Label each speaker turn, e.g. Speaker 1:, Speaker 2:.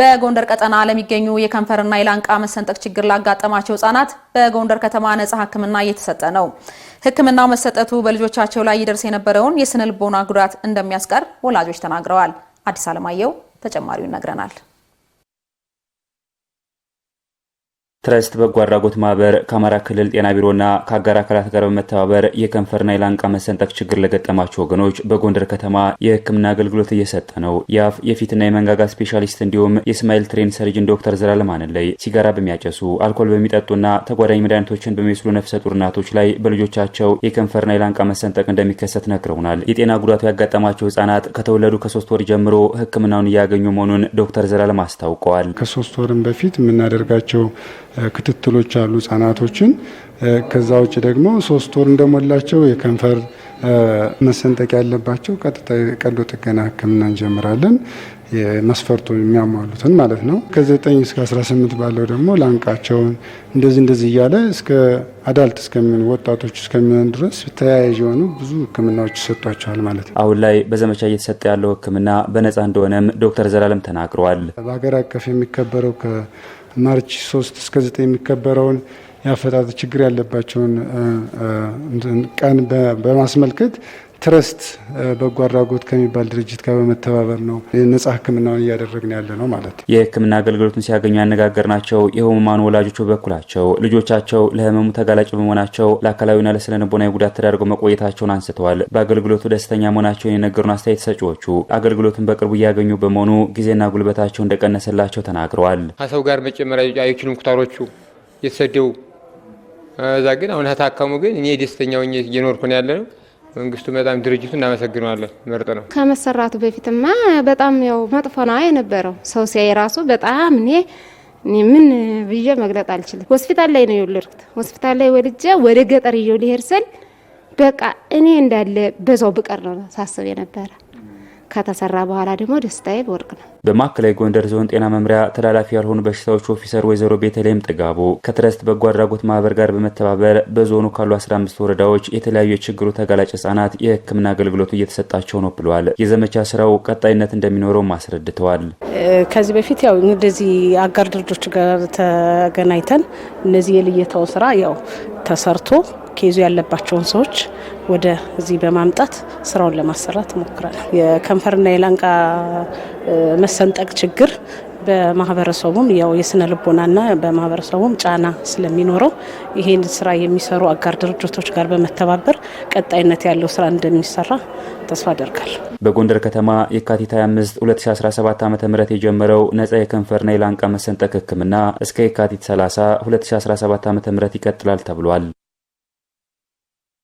Speaker 1: በጎንደር ቀጠና ለሚገኙ የከንፈርና የላንቃ መሰንጠቅ ችግር ላጋጠማቸው ህጻናት በጎንደር ከተማ ነጻ ሕክምና እየተሰጠ ነው። ሕክምናው መሰጠቱ በልጆቻቸው ላይ ይደርስ የነበረውን የስነ ልቦና ጉዳት እንደሚያስቀር ወላጆች ተናግረዋል። አዲስ አለማየሁ ተጨማሪው ይነግረናል።
Speaker 2: ትረስት በጎ አድራጎት ማህበር ከአማራ ክልል ጤና ቢሮና ከአጋር አካላት ጋር በመተባበር የከንፈርና የላንቃ መሰንጠቅ ችግር ለገጠማቸው ወገኖች በጎንደር ከተማ የሕክምና አገልግሎት እየሰጠ ነው። የአፍ የፊትና የመንጋጋ ስፔሻሊስት እንዲሁም የስማይል ትሬን ሰርጅን ዶክተር ዘላለም አንለይ ሲጋራ በሚያጨሱ አልኮል በሚጠጡና ተጓዳኝ መድኃኒቶችን በሚወስዱ ነፍሰ ጡር እናቶች ላይ በልጆቻቸው የከንፈርና የላንቃ መሰንጠቅ እንደሚከሰት ነግረውናል። የጤና ጉዳቱ ያጋጠማቸው ህጻናት ከተወለዱ ከሶስት ወር ጀምሮ ሕክምናውን እያገኙ መሆኑን ዶክተር ዘላለም አስታውቀዋል።
Speaker 3: ከሶስት ወርም በፊት የምናደርጋቸው ክትትሎች አሉ ህጻናቶችን። ከዛ ውጭ ደግሞ ሶስት ወር እንደሞላቸው የከንፈር መሰንጠቅ ያለባቸው ቀጥታ የቀዶ ጥገና ህክምና እንጀምራለን። መስፈርቱ የሚያሟሉትን ማለት ነው። ከ9 እስከ 18 ባለው ደግሞ ላንቃቸውን እንደዚህ እንደዚህ እያለ እስከ አዳልት እስከሚሆኑ ወጣቶች እስከሚሆኑ ድረስ ተያያዥ የሆኑ ብዙ ህክምናዎች ይሰጧቸዋል ማለት
Speaker 2: ነው። አሁን ላይ በዘመቻ እየተሰጠ ያለው ህክምና በነፃ እንደሆነም ዶክተር ዘላለም ተናግረዋል።
Speaker 3: በሀገር አቀፍ የሚከበረው ማርች 3 እስከ 9 የሚከበረውን የአፈጣጥ ችግር ያለባቸውን ቀን በማስመልከት ትረስት በጎ አድራጎት ከሚባል ድርጅት ጋር በመተባበር ነው ነጻ ሕክምናውን እያደረግን ያለ ነው ማለት ነው።
Speaker 2: የሕክምና አገልግሎቱን ሲያገኙ ያነጋገርናቸው የህሙማን ወላጆች በበኩላቸው ልጆቻቸው ለህመሙ ተጋላጭ በመሆናቸው ለአካላዊና ለስነ ጉዳት ተዳርገው መቆየታቸውን አንስተዋል። በአገልግሎቱ ደስተኛ መሆናቸውን የነገሩን አስተያየት ሰጪዎቹ አገልግሎቱን በቅርቡ እያገኙ በመሆኑ ጊዜና ጉልበታቸው እንደቀነሰላቸው ተናግረዋል።
Speaker 4: ከሰው ጋር መጨመሪያ አይችሉም ኩታሮቹ የተሰደው እዛ ግን አሁን ታካሙ ግን እኔ ደስተኛ እየኖርኩ ነው ያለ ነው መንግስቱ በጣም ድርጅቱ እናመሰግነዋለን። ምርጥ ነው።
Speaker 5: ከመሰራቱ በፊትማ በጣም ያው መጥፎ ነው የነበረው። ሰው ሲያይ ራሱ በጣም እኔ ምን ብዬ መግለጥ አልችልም። ሆስፒታል ላይ ነው የወለድኩት። ሆስፒታል ላይ ወልጄ ወደ ገጠር እየው ሊሄድ ስል በቃ እኔ እንዳለ በዛው ብቀር ነው ሳስብ የነበረ ከተሰራ በኋላ ደግሞ ደስታዬ ወርቅ ነው።
Speaker 2: በማዕከላዊ ጎንደር ዞን ጤና መምሪያ ተላላፊ ያልሆኑ በሽታዎች ኦፊሰር ወይዘሮ ቤተልሔም ጥጋቡ ከትረስት በጎ አድራጎት ማህበር ጋር በመተባበር በዞኑ ካሉ 15 ወረዳዎች የተለያዩ የችግሩ ተጋላጭ ህጻናት የህክምና አገልግሎቱ እየተሰጣቸው ነው ብለዋል። የዘመቻ ስራው ቀጣይነት እንደሚኖረውም አስረድተዋል።
Speaker 6: ከዚህ በፊት ያው እንደዚህ አጋር ድርጆች ጋር ተገናኝተን እነዚህ የልየታው ስራ ያው ተሰርቶ ኬዙ ያለባቸውን ሰዎች ወደ እዚህ በማምጣት ስራውን ለማሰራት ሞክረናል። የከንፈርና የላንቃ መሰንጠቅ ችግር በማህበረሰቡም ያው የስነ ልቦናና በማህበረሰቡም ጫና ስለሚኖረው ይሄን ስራ የሚሰሩ አጋር ድርጅቶች ጋር በመተባበር ቀጣይነት ያለው ስራ እንደሚሰራ ተስፋ አደርጋል።
Speaker 2: በጎንደር ከተማ የካቲት 25 2017 ዓ ም የጀመረው ነጻ የከንፈርና የላንቃ መሰንጠቅ ህክምና እስከ የካቲት 30 2017 ዓ ም ይቀጥላል ተብሏል።